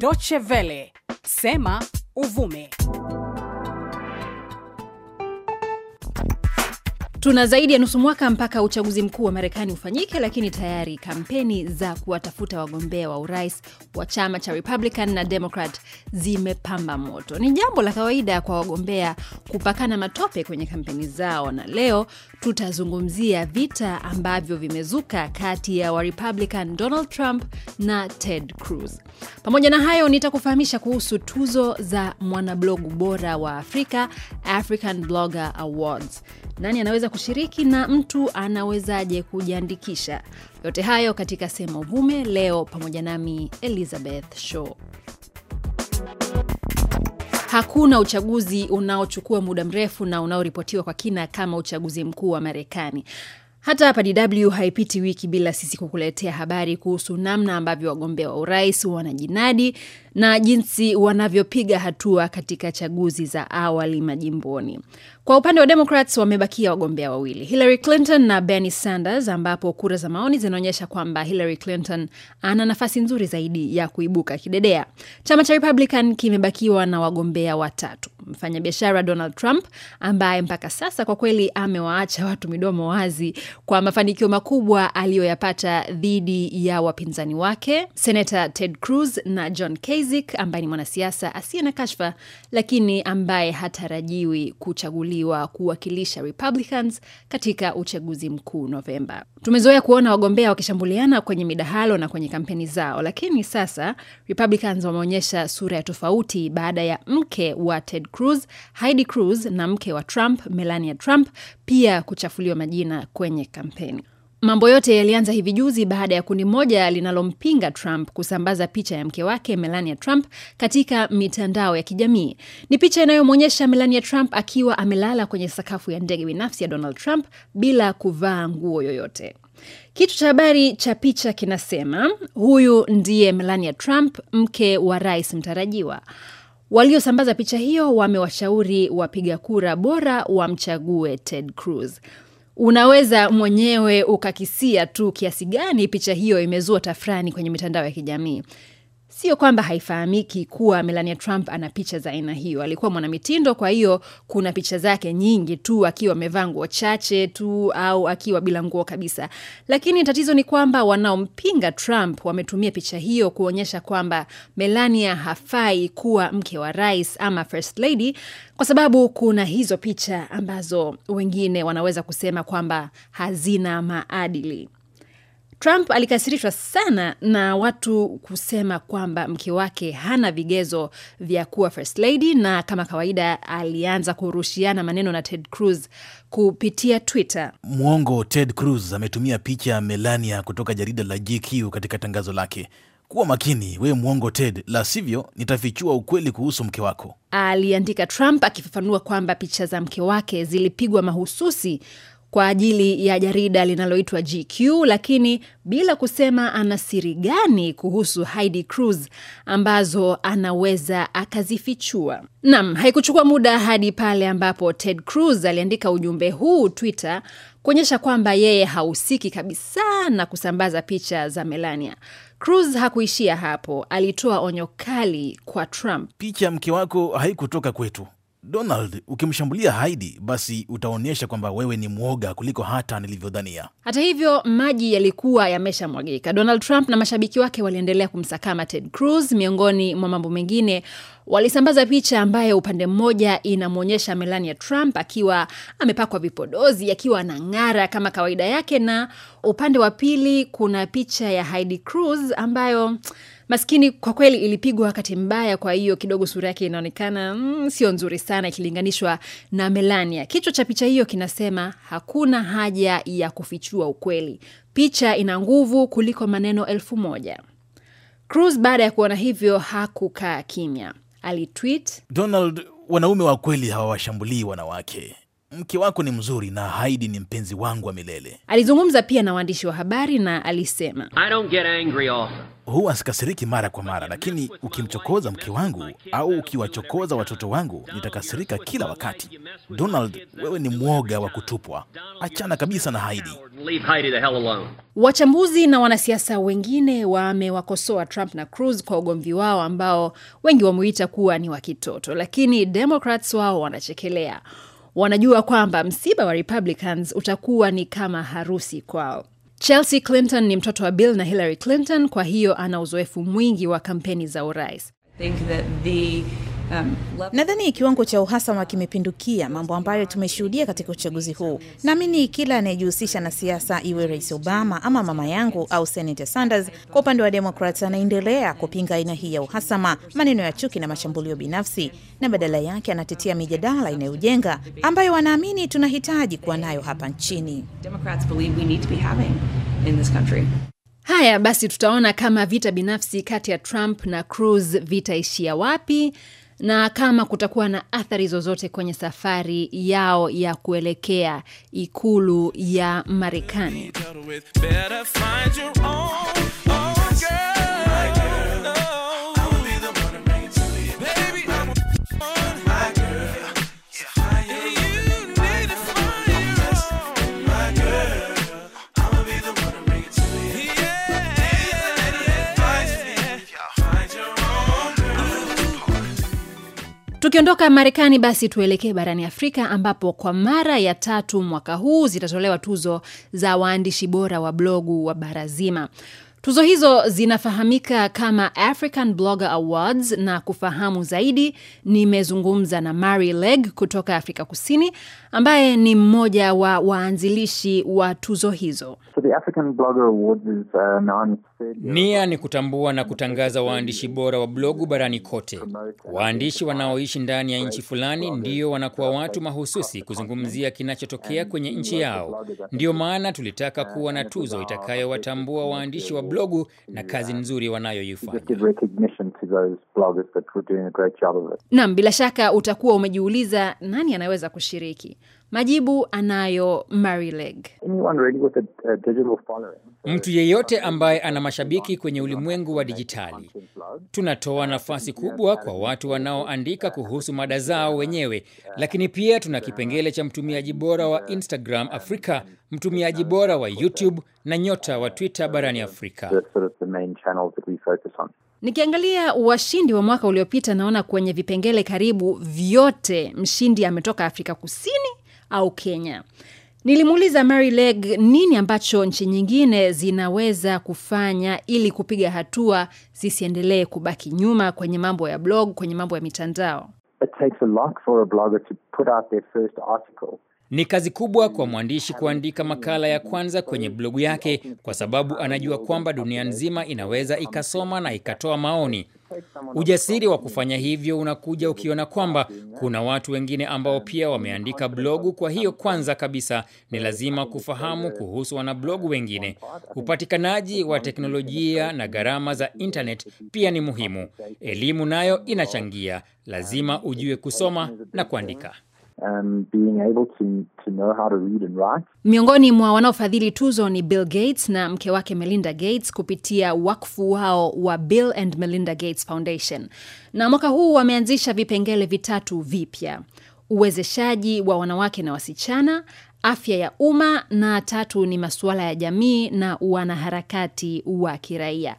Dochevele, sema uvume. Tuna zaidi ya nusu mwaka mpaka uchaguzi mkuu wa Marekani ufanyike, lakini tayari kampeni za kuwatafuta wagombea wa urais wa chama cha Republican na Democrat zimepamba moto. Ni jambo la kawaida kwa wagombea kupakana matope kwenye kampeni zao, na leo tutazungumzia vita ambavyo vimezuka kati ya warepublican Donald Trump na Ted Cruz. Pamoja na hayo, nitakufahamisha kuhusu tuzo za mwanablogu bora wa Afrika, African Blogger Awards nani anaweza kushiriki na mtu anawezaje kujiandikisha. Yote hayo katika Sema Uvume leo pamoja nami Elizabeth Shaw. Hakuna uchaguzi unaochukua muda mrefu na unaoripotiwa kwa kina kama uchaguzi mkuu wa Marekani. Hata hapa DW haipiti wiki bila sisi kukuletea habari kuhusu namna ambavyo wagombea wa urais wanajinadi na jinsi wanavyopiga hatua katika chaguzi za awali majimboni. Kwa upande wa Democrats wamebakia wagombea wawili, Hillary Clinton na Bernie Sanders, ambapo kura za maoni zinaonyesha kwamba Hillary Clinton ana nafasi nzuri zaidi ya kuibuka kidedea. Chama cha Republican kimebakiwa na wagombea watatu, mfanyabiashara Donald Trump ambaye mpaka sasa kwa kweli amewaacha watu midomo wazi kwa mafanikio makubwa aliyoyapata dhidi ya wapinzani wake, senata Ted Cruz na John Casey Rizik ambaye ni mwanasiasa asiye na kashfa, lakini ambaye hatarajiwi kuchaguliwa kuwakilisha Republicans katika uchaguzi mkuu Novemba. Tumezoea kuona wagombea wakishambuliana kwenye midahalo na kwenye kampeni zao, lakini sasa Republicans wameonyesha sura ya tofauti baada ya mke wa Ted Cruz Heidi Cruz na mke wa Trump Melania Trump pia kuchafuliwa majina kwenye kampeni. Mambo yote yalianza hivi juzi baada ya kundi moja linalompinga Trump kusambaza picha ya mke wake Melania Trump katika mitandao ya kijamii. Ni picha inayomwonyesha Melania Trump akiwa amelala kwenye sakafu ya ndege binafsi ya Donald Trump bila kuvaa nguo yoyote. Kichwa cha habari cha picha kinasema, huyu ndiye Melania Trump, mke wa rais mtarajiwa. Waliosambaza picha hiyo wamewashauri wapiga kura bora wamchague Ted Cruz. Unaweza mwenyewe ukakisia tu kiasi gani picha hiyo imezua tafrani kwenye mitandao ya kijamii. Sio kwamba haifahamiki kuwa Melania Trump ana picha za aina hiyo. Alikuwa mwanamitindo, kwa hiyo kuna picha zake nyingi tu akiwa amevaa nguo chache tu au akiwa bila nguo kabisa. Lakini tatizo ni kwamba wanaompinga Trump wametumia picha hiyo kuonyesha kwamba Melania hafai kuwa mke wa rais ama first lady, kwa sababu kuna hizo picha ambazo wengine wanaweza kusema kwamba hazina maadili. Trump alikasirishwa sana na watu kusema kwamba mke wake hana vigezo vya kuwa first lady, na kama kawaida alianza kurushiana maneno na Ted Cruz kupitia Twitter. Mwongo Ted Cruz ametumia picha ya Melania kutoka jarida la GQ katika tangazo lake. Kuwa makini we mwongo Ted, la sivyo nitafichua ukweli kuhusu mke wako, aliandika Trump, akifafanua kwamba picha za mke wake zilipigwa mahususi kwa ajili ya jarida linaloitwa GQ, lakini bila kusema ana siri gani kuhusu Heidi Cruz ambazo anaweza akazifichua. Nam, haikuchukua muda hadi pale ambapo Ted Cruz aliandika ujumbe huu Twitter kuonyesha kwamba yeye hahusiki kabisa na kusambaza picha za Melania. Cruz hakuishia hapo, alitoa onyo kali kwa Trump: picha mke wako haikutoka kwetu Donald, ukimshambulia Haidi basi utaonyesha kwamba wewe ni mwoga kuliko hata nilivyodhania. Hata hivyo, maji yalikuwa yameshamwagika. Donald Trump na mashabiki wake waliendelea kumsakama Ted Cruz. Miongoni mwa mambo mengine, walisambaza picha ambayo upande mmoja inamwonyesha Melania Trump akiwa amepakwa vipodozi, akiwa anang'ara kama kawaida yake, na upande wa pili kuna picha ya Heidi Cruz ambayo maskini kwa kweli ilipigwa wakati mbaya, kwa hiyo kidogo sura yake inaonekana mm, sio nzuri sana ikilinganishwa na Melania. Kichwa cha picha hiyo kinasema hakuna haja ya kufichua ukweli, picha ina nguvu kuliko maneno elfu moja. Cruz baada ya kuona hivyo hakukaa kimya, alitwit Donald, wanaume wa kweli hawawashambulii wanawake mke wako ni mzuri na Haidi ni mpenzi wangu wa milele. Alizungumza pia na waandishi wa habari na alisema, I don't get angry Huwa sikasiriki mara kwa mara, lakini ukimchokoza mke wangu au ukiwachokoza watoto wangu nitakasirika kila wakati. Donald, wewe ni mwoga wa kutupwa, achana kabisa na Haidi. Wachambuzi na wanasiasa wengine wamewakosoa Trump na Cruz kwa ugomvi wao ambao wengi wameuita kuwa ni wa kitoto, lakini Democrats wao wanachekelea wanajua kwamba msiba wa Republicans utakuwa ni kama harusi kwao. Chelsea Clinton ni mtoto wa Bill na Hillary Clinton, kwa hiyo ana uzoefu mwingi wa kampeni za urais. I think that the Um, nadhani kiwango cha uhasama kimepindukia, mambo ambayo tumeshuhudia katika uchaguzi huu. Naamini kila anayejihusisha na siasa, iwe Rais Obama ama mama yangu au Senator Sanders kwa upande wa Demokrat, anaendelea kupinga aina hii ya uhasama, maneno ya chuki na mashambulio binafsi, na badala yake anatetea mijadala inayojenga ambayo wanaamini tunahitaji kuwa nayo hapa nchini. Haya basi, tutaona kama vita binafsi kati ya Trump na Cruz vitaishia wapi na kama kutakuwa na athari zozote kwenye safari yao ya kuelekea ikulu ya Marekani. Tukiondoka Marekani basi tuelekee barani Afrika ambapo kwa mara ya tatu mwaka huu zitatolewa tuzo za waandishi bora wa blogu wa bara zima. Tuzo hizo zinafahamika kama African Blogger Awards, na kufahamu zaidi nimezungumza na Mary Leg kutoka Afrika Kusini ambaye ni mmoja wa waanzilishi wa tuzo hizo. So the African Blogger Awards is, uh, non... Nia ni kutambua na kutangaza waandishi bora wa blogu barani kote. Waandishi wanaoishi ndani ya nchi fulani ndio wanakuwa watu mahususi kuzungumzia kinachotokea kwenye nchi yao. Ndiyo maana tulitaka kuwa na tuzo itakayowatambua waandishi wa blogu blogu na kazi nzuri wanayoifanya those bloggers that were doing a great job of it. Naam, bila shaka utakuwa umejiuliza nani anaweza kushiriki. Majibu anayo Marileg. Mtu yeyote ambaye ana mashabiki kwenye ulimwengu wa dijitali. Tunatoa nafasi kubwa kwa watu wanaoandika kuhusu mada zao wenyewe, lakini pia tuna kipengele cha mtumiaji bora wa Instagram Afrika, mtumiaji bora wa YouTube na nyota wa Twitter barani Afrika. Nikiangalia washindi wa mwaka uliopita, naona kwenye vipengele karibu vyote mshindi ametoka Afrika Kusini au Kenya. Nilimuuliza Mary Leg nini ambacho nchi nyingine zinaweza kufanya ili kupiga hatua zisiendelee kubaki nyuma kwenye mambo ya blog, kwenye mambo ya mitandao. It takes a lot for a blogger to put out their first article ni kazi kubwa kwa mwandishi kuandika makala ya kwanza kwenye blogu yake kwa sababu anajua kwamba dunia nzima inaweza ikasoma na ikatoa maoni. Ujasiri wa kufanya hivyo unakuja ukiona kwamba kuna watu wengine ambao pia wameandika blogu. Kwa hiyo kwanza kabisa ni lazima kufahamu kuhusu wanablogu wengine. Upatikanaji wa teknolojia na gharama za internet pia ni muhimu. Elimu nayo inachangia. Lazima ujue kusoma na kuandika. Um, being able to, to know how to read and write. Miongoni mwa wanaofadhili tuzo ni Bill Gates na mke wake Melinda Gates kupitia wakfu wao wa Bill and Melinda Gates Foundation. Na mwaka huu wameanzisha vipengele vitatu vipya: uwezeshaji wa wanawake na wasichana, afya ya umma na tatu ni masuala ya jamii na wanaharakati wa kiraia.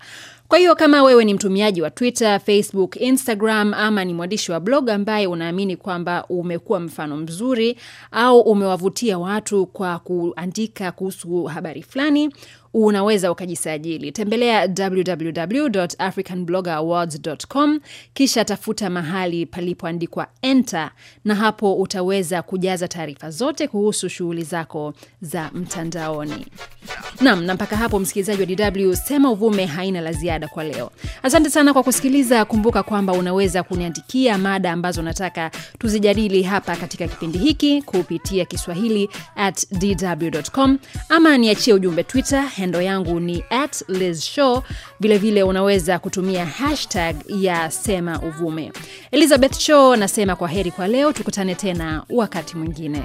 Kwa hiyo kama wewe ni mtumiaji wa Twitter, Facebook, Instagram ama ni mwandishi wa blog ambaye unaamini kwamba umekuwa mfano mzuri au umewavutia watu kwa kuandika kuhusu habari fulani, unaweza ukajisajili. Tembelea www.africanbloggerawards.com kisha tafuta mahali palipoandikwa enter, na hapo utaweza kujaza taarifa zote kuhusu shughuli zako za mtandaoni. Nam, na mpaka hapo msikilizaji wa DW sema uvume haina la ziada kwa leo. Asante sana kwa kusikiliza. Kumbuka kwamba unaweza kuniandikia mada ambazo unataka tuzijadili hapa katika kipindi hiki kupitia Kiswahili at dw.com, ama niachie ujumbe Twitter, hendo yangu ni at Liz Show. Vilevile unaweza kutumia hashtag ya sema uvume. Elizabeth Show nasema kwa heri kwa leo, tukutane tena wakati mwingine.